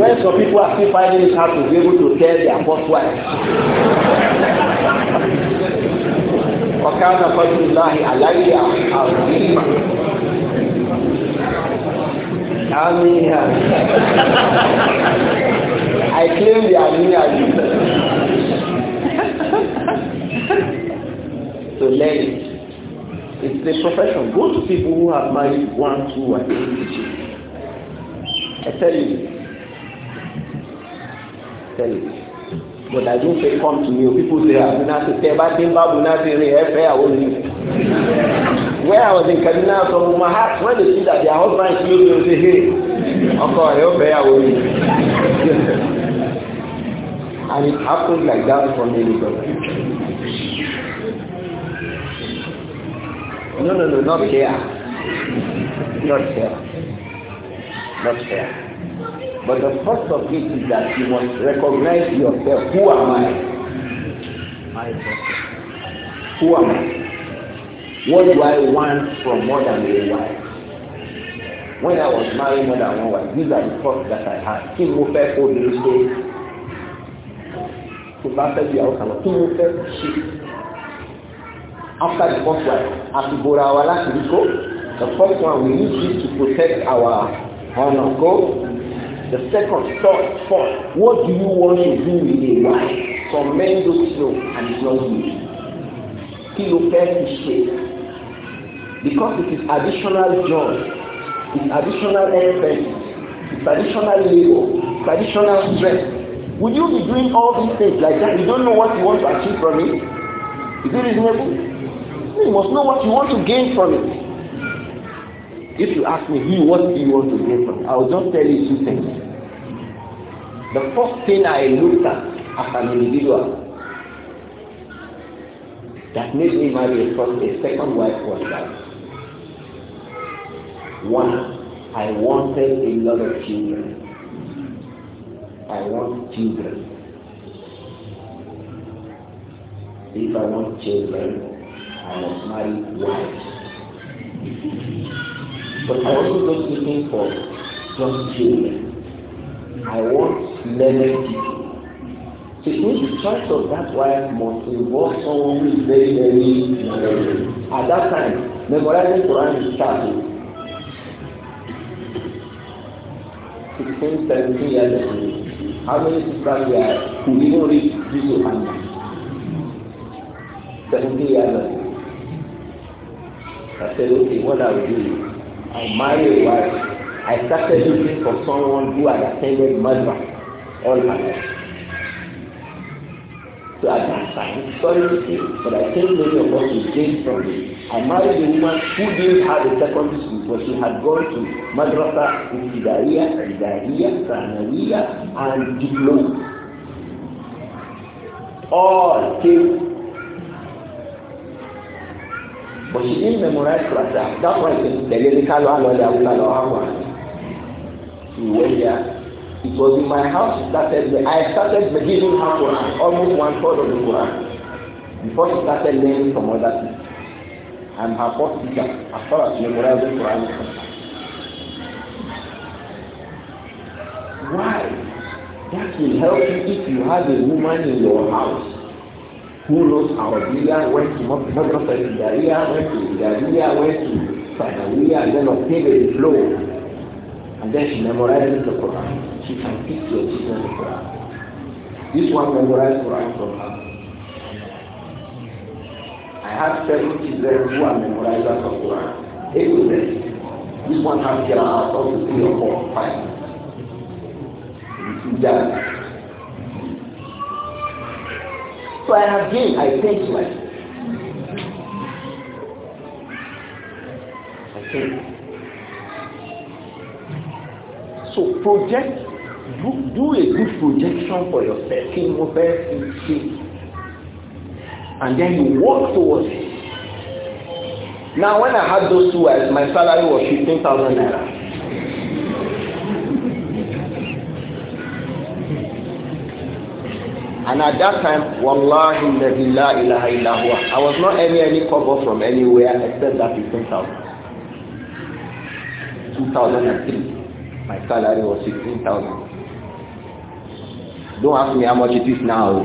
When some people are still finding it hard to be able to tell their first wife. وكان فضل الله علي عظيما آمين I claim the Amina to learn it. It's a profession. Go to people who have married one, two, and three I tell you. tell you. But I don't say come to me. People say, I'm not to tell about him, but not to say, I will Where I was in Kaduna, from my heart, when they see that their husband is close, they say, hey, uncle, I hope I will And it happens like that for many people. No, no, no, not here. Not here. Not here. But the first of it is that you must recognize yourself. Who am I? Myself. Who am I? What do I want from more than a wife? When I was married more than one wife, these are the thoughts that I had. Kí mo fẹ́ kó lè ṣe? Kò bá fẹ́ bí àwọn kan lọ. Kí mo fẹ́ ṣe? after the first one àfibora wa láti rí kó the first one we need you to protect our honor go the second third fourth what do you want to do with a wife some men do know and it's not good kí ló fẹ́ fi because it is additional job it is additional expense it is additional labour it is additional stress would you be doing all these things like that you don't know what you want to achieve from it is it reasonable. You must know what you want to gain from it. If you ask me, what do you want to gain from it? I will just tell you two things. The first thing I looked at as an individual that made me marry a, first, a second wife was that one, I wanted a lot of children. I want children. If I want children, I must marry wives. But I also don't looking for just children. I want learned people. So it means the choice of that wife must involve someone who is very, very learned. At that time, memorizing Quran is starting. 16, 17 years old. How many sisters were who did read Jesus and 17 years old. I said, okay, what I'll do is I'll marry a wife. I started looking for someone who had attended Madra all my life. So at that time, sorry to say, but I think many of us will gain from it. I married a woman who didn't have a secondary school, but she had gone to Madrasa, Ibtidaria, Ibtidaria, Sanawiya, and Diploma. All came But she didn't memorize Quran. That's why the lyrical one We went there. It was in my house started I started giving her Quran, almost one third of the Quran. Before she started learning from other people. I'm her first teacher as far as memorizing Quran is concerned. Why? That will help you if you have a woman in your house who knows Arabiya, went to Madras Idaria, went to Idaria, went to Sahawiyah, and then obtained a flow. And then she memorized the Quran. She can teach your children the Quran. This one memorized Quran from her. I have several children who are memorizers of Quran. Eight of This one has here out of the three or four, five. It's So I have gained, I think like. I think. So project, do, do a good projection for yourself. King Mobile And then you work towards it. Now when I had those two wives, my salary was 15,000 naira. And at that time, Wallahi la ilaha illa I was not earning any cover from anywhere except that 15,000. 2003, my salary was 16,000. Don't ask me how much it is now.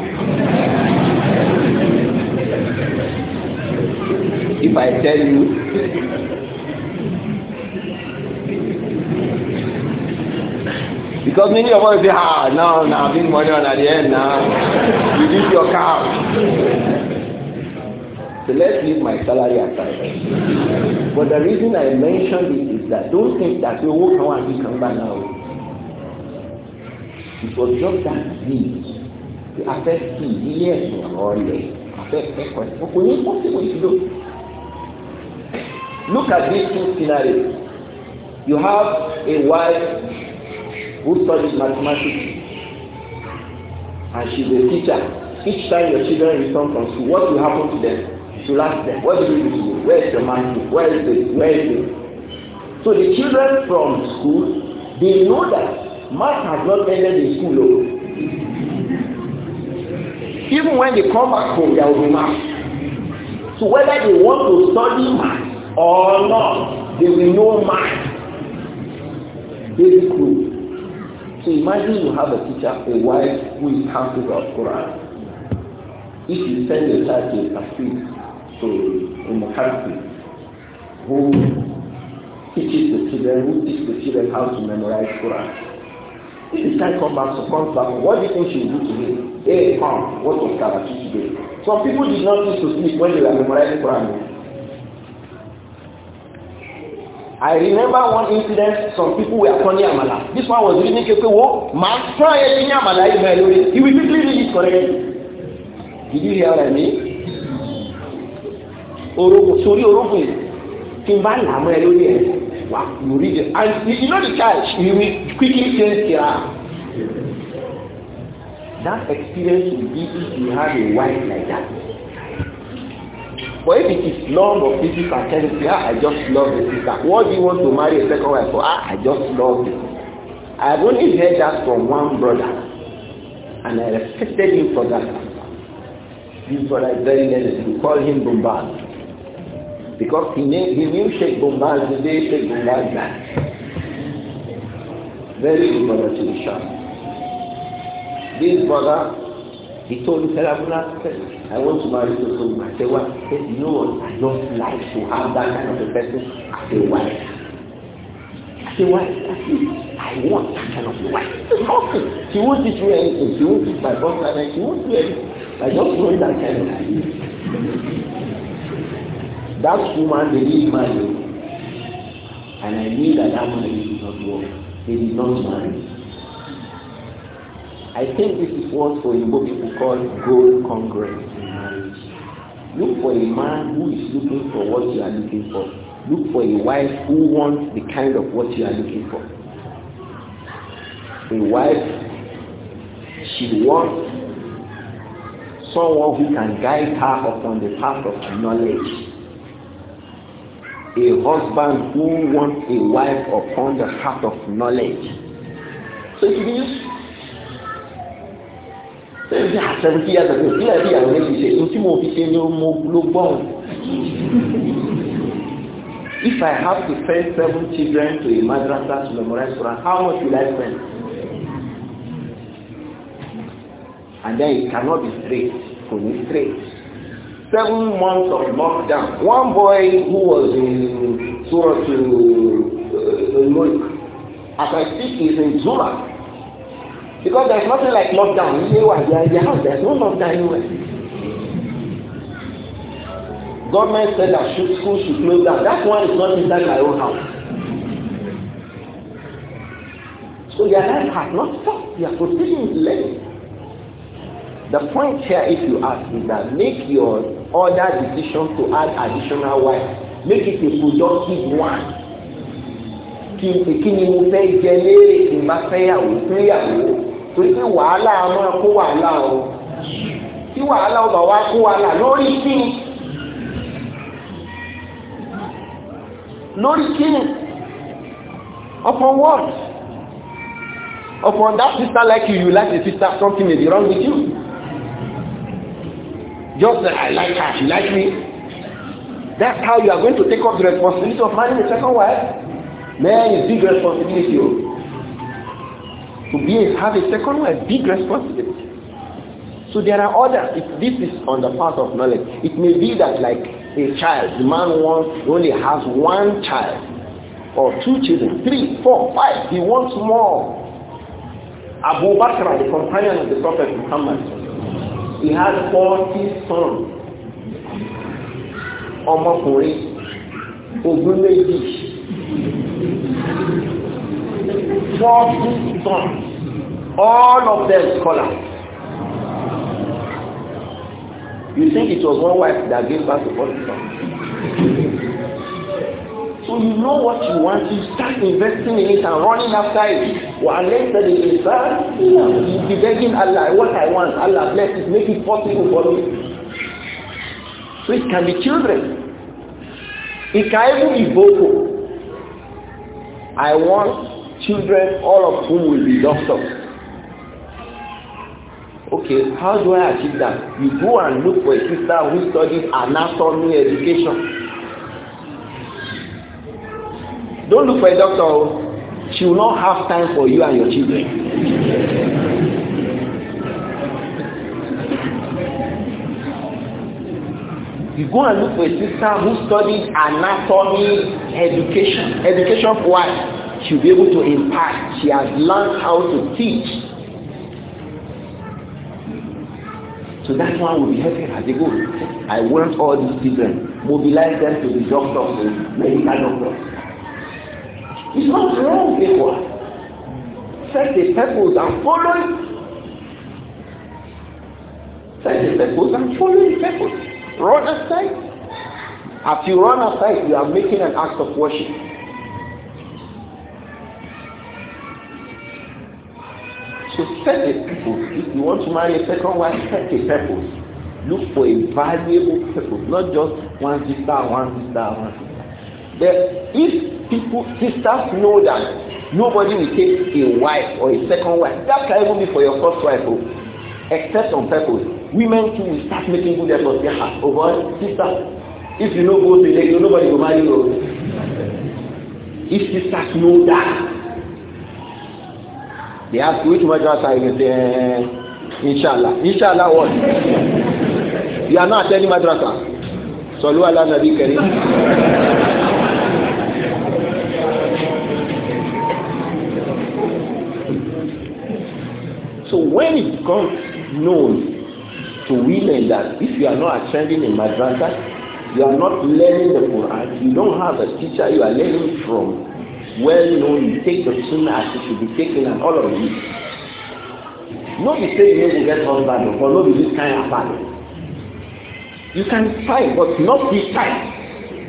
if I tell you, Because many of us say, ah, now, now, nah, bring money on at the end now. You leave your car. So let's leave my salary aside. But the reason I mentioned it is that don't think that you won't come and you come back now. It was just that need. to affect key, yes, or yes. Affect equity. Okay, possible to do. Look at these two scenarios. You have a wife who studies mathematics and she's a teacher each time your children return from school what will happen to them you ask them what do you do today where is your man where is this where is this so the children from school they know that math has not ended in school o even when they come back home there will be math so whether they want to study math or not they will know math basic rule So imagine you have a teacher, a wife who is counting of Quran. If you send your child to a hafiz, to a country who teaches the children, who teaches the children how to memorize Quran. If the child comes back, comes back, what do you think she will do to him? Hey, mom, what was Karatu today? Some people did not need to sleep when they were memorizing Quran. I remember one incident, some people were turning Amala. This one was reading Kekewo, man, try it Amala in my He will quickly read it correctly. Did you hear what I mean? Orogun, sorry, Orogun, Kimba Lama Elori, wow, you read it. And you know the child, You will quickly change Kira. That experience will be if you have a wife like that. But if it is love of physics and chemistry, ah, I just love the sister. Why do you want to marry a second wife for? Ah, I just love it. I've only heard that from one brother. And I respected him for that. This brother is very nice. We call him Bombal. Because he knew, he knew Sheikh Bombal the day Sheikh Bombal died. Very good brother to the shop. This brother ìtọ́ olùsẹ́lábúlá I want to marry to so so àtẹwà ẹ you know what I just like to have that kind of a person as a wife as a wife I want that kind of a wife nothing she won't teach me anything she won't teach my boss anything. she won't do anything I just want that kind of life that woman dey lead my and I need that that woman did not work they did not marry. I think this is what Oyibo people call goal congruence in marriage. Look for a man who is looking for what you are looking for. Look for a wife who wants the kind of what you are looking for. A wife, she wants someone who can guide her upon the path of knowledge a husband who wants a wife upon the path of knowledge. So if you use sẹ́yìn tí àṣẹwò kí yàtọ̀ tó sílẹ̀ bí àwọn ènìyàn mo fi ṣe mo ló gbọ́ If I have to send seven children to a madrasa to memorize Quran, how much will I spend? And then it cannot be straight, kò ní straight. Seven months of lockdown, one boy who was in Surat to uh, Mulk, as I speak, is in Zura because there is nothing like lockdown ilé wà jẹ ẹyẹ house there is no lockdown anywhere. government said that school should close down that one is not inside my own house. So their life has not stopped. They are proceeding with learning. The point here, if you ask, is that make your other decision to add additional wife. Make it a productive one. Kí kí ni mo fẹ́ jẹ léèrè tí n bá torí pé wàhálà máa kó wàhálà o tí wàhálà ọba wa kó wàhálà lórí kíni lórí kíni upon what upon that sister like you you like the sister something may be wrong with you just like I like her she like me that's how you are going to take up the responsibility of marrying a second wife man is big responsibility o. Oh to be a, have a second one, a big responsibility. So there are others. If this is on the path of knowledge, it may be that like a child, the man wants, only has one child or two children, three, four, five. He wants more. Abu Bakr, the companion of the Prophet Muhammad, he had 40 sons. ọmọkùnrin ogún méjì 40 sons All of them scholars. You think it was one wife that gave birth to all the So you know what you want, you start investing in it and running after it. Unless that is bad, you'll be begging Allah, what I want, Allah bless it, make it possible for me. So it can be children. It can even be vocal. I want children, all of whom will be doctors okay, how do I achieve that? You go and look for a sister who studies anatomy education. Don't look for a doctor. Oh. She will not have time for you and your children. you go and look for a sister who studies anatomy education education for what she will be able to impact. she has learned how to teach So that one will be helping as a go. I want all these children, mobilize them to be doctors, to medical doctors. It's not wrong, people. Set the purpose and follow it. Set the purpose and follow the purpose. Run aside. As you run aside, you are making an act of worship. So set the people. If you want to marry a second wife, set a purpose. Look for a valuable purpose, not just one sister, one sister, one sister. But if people, sisters know that nobody will take a wife or a second wife, that can even be for your first wife, oh, except on purpose. Women too will start making good efforts. They have, oh God, sister, if you no go to the nobody will marry you. Oh. If sisters know that, They ask which madrasa you say, eh, Inshallah. Inshallah what? You are not attending madrasa. Sallu ala Nabi Karim. so when it becomes known to women that if you are not attending a madrasa, you are not learning the Quran, you don't have a teacher you are learning from, well known, you take the sunnah as it should be taken and all of this. No be say you no go get husband or no be this kind of man. You can try but not this type.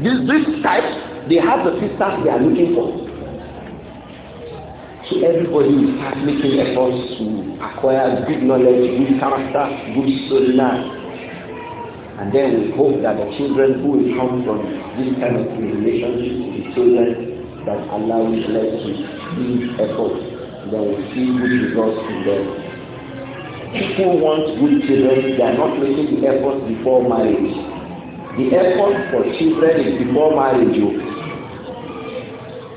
This this type they have the sisters they are looking for. So everybody will start making efforts to acquire good knowledge, good character, good sunnah. And then we hope that the children who will come from this kind of relationship with the children that Allah will let you these efforts that will see good results in them. People want good children, they are not making the effort before marriage. The effort for children is before marriage. you. Oh.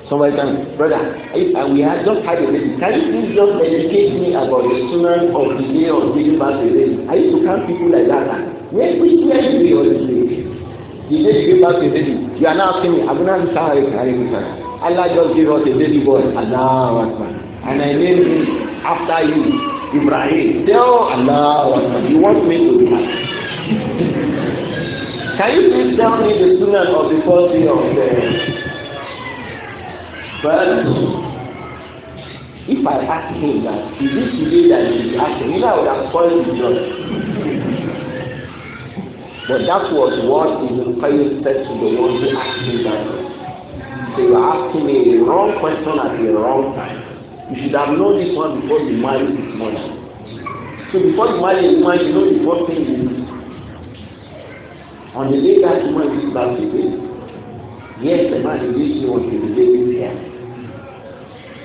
Somebody can, brother, if I, we have just had a baby, can you please just educate me about the sunnah of the day of giving birth to a baby? I used to count people like that. Ah. Where which where do you always live? The day you give birth to a baby, you are now asking me, I'm not to I'm a sorry. Allah just gave us a baby boy. Allah Akbar. And I named him after you, Ibrahim. Tell Allah Akbar. You want me to do that? Can you please tell me the student of the quality of the birth? If I ask him that, is it today that he is asking? Either I would have called the judge. But that was what Ibn Qayyim said to the one who asked him that. So you are asking me a wrong question at the wrong time. You should have known this one before you married this mother. So before you marry this woman, you know the first thing you do. On the day that you is this to be, yes, the man is using what you did here.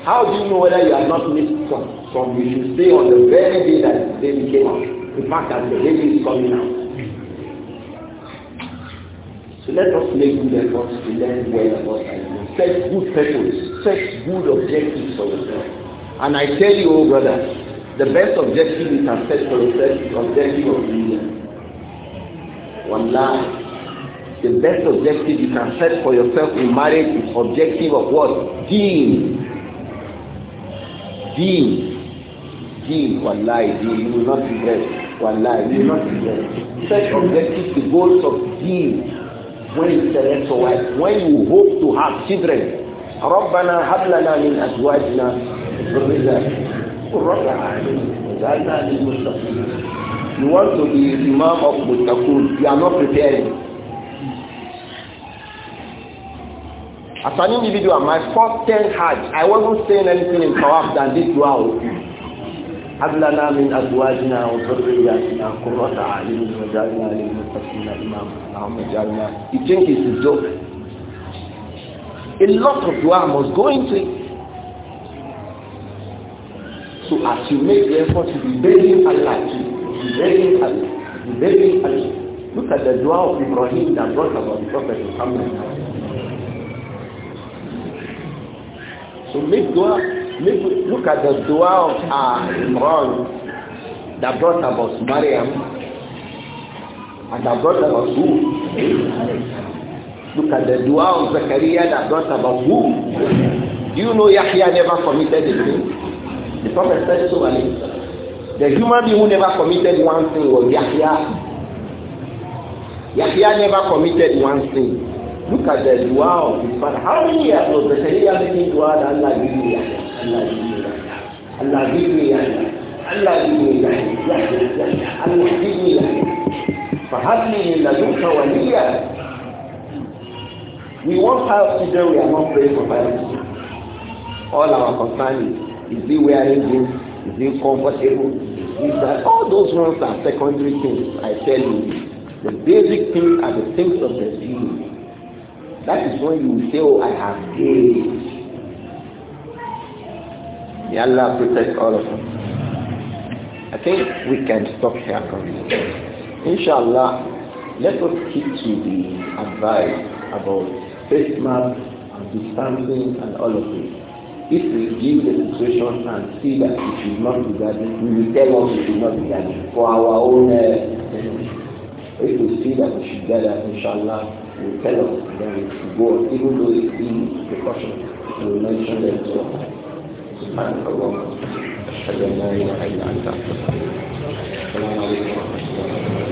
How do you know whether you are not missed some? Some you should stay on the very day that the baby came out. The fact that the baby is coming out. So let us make good efforts to learn well about Allah. set good purpose, set good objectives for yourself. And I tell you, oh brother, the best objective you can set for yourself is objective of union. One life. The best objective you can set for yourself in marriage is objective of what? Deen. Deen. Deen, one life, deen. You will not regret. One life, you will not regret. Set objective. the goals of deen when it's select for wife, when you hope to have children, ربنا هب لنا من أزواجنا ذرية You want to be Imam of Mutakun, you are not prepared. As an individual, my first ten Hajj, I wasn't saying anything in Tawaf than this dua. هب من أزواجنا وذرياتنا قرة أعين وجعلنا للمتقين إماما اللهم اجعلنا You think it's a joke? A lot of dua must go into it. So as you make the effort to be begging Allah, to be begging Allah, to be begging Allah. Look at the dua of Ibrahim that brought about the Prophet Muhammad. So make dua Look at the dua of uh, Imran that brought about Maryam and that brought about who? Look at the dua of Zachariah that brought about who? Do you know Yahya never committed a thing? The Prophet said so, Ali. The human being who never committed one thing was Yahya. Yahya never committed one thing. Look at the dua of his father. How many years was Zechariah making dua that Allah gave Yahya? Allah shi ne Allah shi ne Allah shi ne Yahya Yahya Yahya Allah shi ne Yahya fa hadli min we won't have children we are not praying for parents all our concern is is he wearing this is he comfortable all those ones are secondary things I tell you the basic things are the things of the deen that is when you say oh, I have faith May Allah protect all of us. I think we can stop here currently. Inshallah, let us keep to the advice about face mask and distancing and all of this. If we give the situation and see that it should not be that, we will tell us it should not be that. for our own Uh, if we see that we should gather, inshallah, we will tell us that we should go, even though it's in precaution, we will mention them to us. سبحانك اللهم أشهد أن لا إله إلا أنت أستغفرك السلام عليكم ورحمة الله وبركاته